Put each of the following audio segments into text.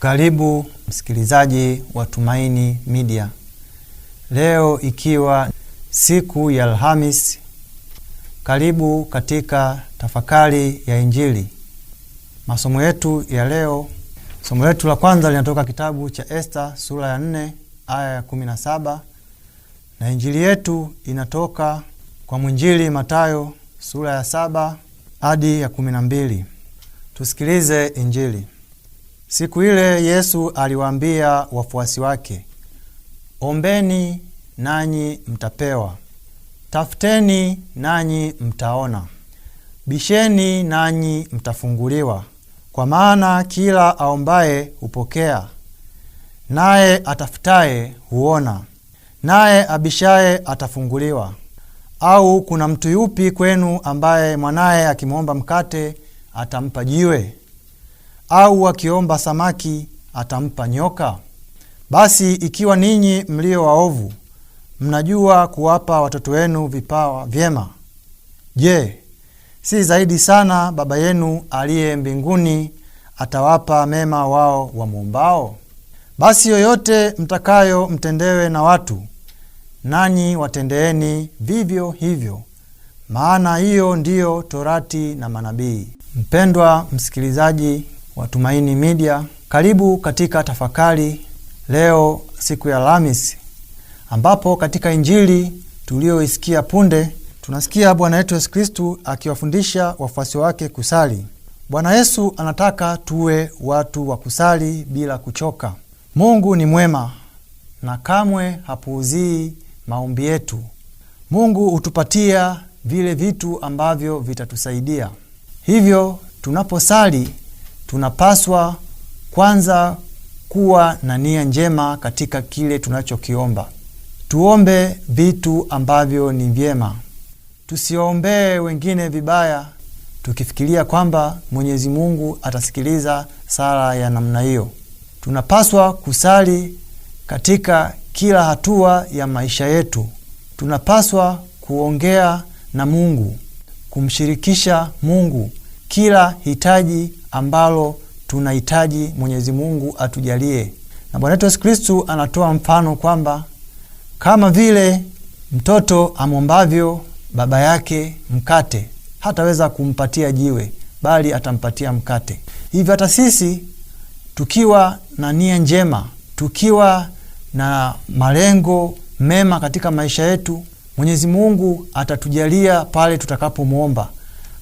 Karibu msikilizaji wa Tumaini Media. Leo ikiwa siku ya Alhamis, karibu katika tafakari ya Injili. Masomo yetu ya leo, somo letu la kwanza linatoka kitabu cha Esta sura ya 4 aya ya 17 na injili yetu inatoka kwa mwinjili Matayo sura ya saba hadi ya kumi na mbili. Tusikilize Injili. Siku ile Yesu aliwaambia wafuasi wake, ombeni nanyi mtapewa, tafuteni nanyi mtaona, bisheni nanyi mtafunguliwa, kwa maana kila aombaye hupokea, naye atafutaye huona, naye abishaye atafunguliwa. Au kuna mtu yupi kwenu ambaye mwanaye akimwomba mkate atampa jiwe? au akiomba samaki atampa nyoka? Basi ikiwa ninyi mlio waovu mnajua kuwapa watoto wenu vipawa vyema, je, si zaidi sana Baba yenu aliye mbinguni atawapa mema wao wamwombao? Basi yoyote mtakayo mtendewe na watu, nanyi watendeeni vivyo hivyo, maana hiyo ndiyo torati na manabii. Mpendwa msikilizaji watumaini midia Media. Karibu katika tafakari leo, siku ya Alhamisi, ambapo katika Injili tuliyoisikia punde tunasikia Bwana yetu Yesu Kristu akiwafundisha wafuasi wake kusali. Bwana Yesu anataka tuwe watu wa kusali bila kuchoka. Mungu ni mwema na kamwe hapuuzii maombi yetu. Mungu hutupatia vile vitu ambavyo vitatusaidia. Hivyo tunaposali tunapaswa kwanza kuwa na nia njema katika kile tunachokiomba. Tuombe vitu ambavyo ni vyema, tusiombee wengine vibaya, tukifikiria kwamba Mwenyezi Mungu atasikiliza sala ya namna hiyo. Tunapaswa kusali katika kila hatua ya maisha yetu. Tunapaswa kuongea na Mungu, kumshirikisha Mungu kila hitaji ambalo tunahitaji Mwenyezi Mungu atujalie. Na Bwana wetu Yesu Kristu anatoa mfano kwamba kama vile mtoto amwombavyo baba yake mkate, hataweza kumpatia jiwe, bali atampatia mkate. Hivyo hata sisi tukiwa na nia njema, tukiwa na malengo mema katika maisha yetu, Mwenyezi Mungu atatujalia pale tutakapomwomba.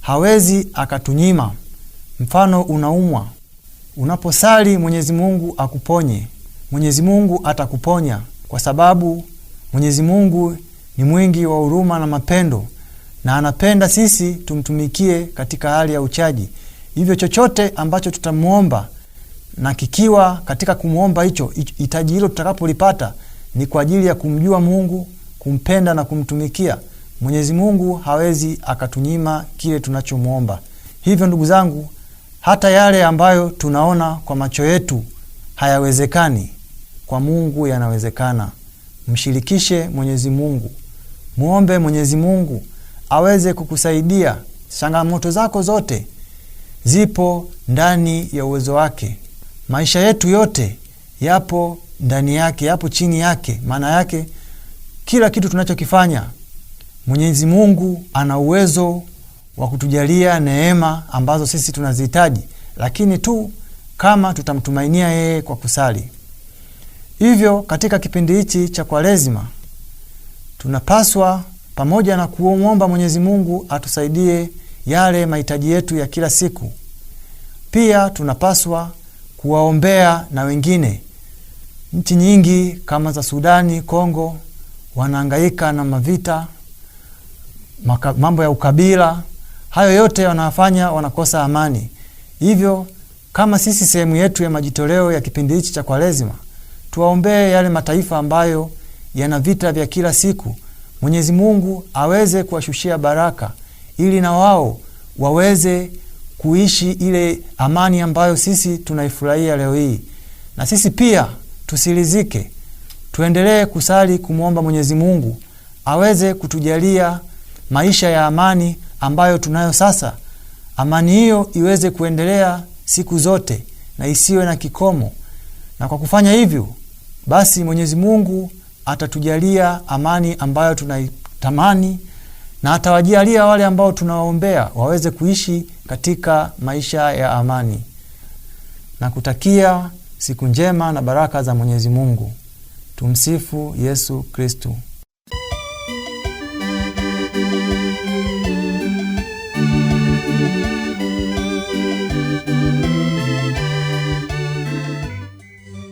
Hawezi akatunyima. Mfano, unaumwa, unaposali Mwenyezi Mungu akuponye, Mwenyezi Mungu atakuponya kwa sababu Mwenyezi Mungu ni mwingi wa huruma na mapendo, na anapenda sisi tumtumikie katika hali ya uchaji. Hivyo chochote ambacho tutamwomba na kikiwa katika kumwomba hicho hitaji hilo tutakapolipata ni kwa ajili ya kumjua Mungu, kumpenda na kumtumikia Mwenyezi Mungu, hawezi akatunyima kile tunachomwomba. Hivyo ndugu zangu, hata yale ambayo tunaona kwa macho yetu hayawezekani, kwa Mungu yanawezekana. Mshirikishe Mwenyezi Mungu, mwombe Mwenyezi Mungu aweze kukusaidia. Changamoto zako zote zipo ndani ya uwezo wake. Maisha yetu yote yapo ndani yake, yapo chini yake. Maana yake kila kitu tunachokifanya Mwenyezi Mungu ana uwezo wa kutujalia neema ambazo sisi tunazihitaji, lakini tu kama tutamtumainia yeye kwa kusali. Hivyo katika kipindi hichi cha Kwaresima tunapaswa pamoja na kumwomba Mwenyezi Mungu atusaidie yale mahitaji yetu ya kila siku, pia tunapaswa kuwaombea na wengine. Nchi nyingi kama za Sudani, Kongo wanaangaika na mavita, mambo ya ukabila Hayo yote wanawafanya wanakosa amani. Hivyo kama sisi sehemu yetu ya majitoleo ya kipindi hichi cha Kwaresima, tuwaombee yale mataifa ambayo yana vita vya kila siku, Mwenyezi Mungu aweze kuwashushia baraka ili na wao waweze kuishi ile amani ambayo sisi tunaifurahia leo hii. Na sisi pia tusilizike, tuendelee kusali kumwomba Mwenyezi Mungu aweze kutujalia maisha ya amani ambayo tunayo sasa, amani hiyo iweze kuendelea siku zote na isiwe na kikomo. Na kwa kufanya hivyo, basi Mwenyezi Mungu atatujalia amani ambayo tunaitamani na atawajalia wale ambao tunawaombea waweze kuishi katika maisha ya amani. Na kutakia siku njema na baraka za Mwenyezi Mungu. Tumsifu Yesu Kristu.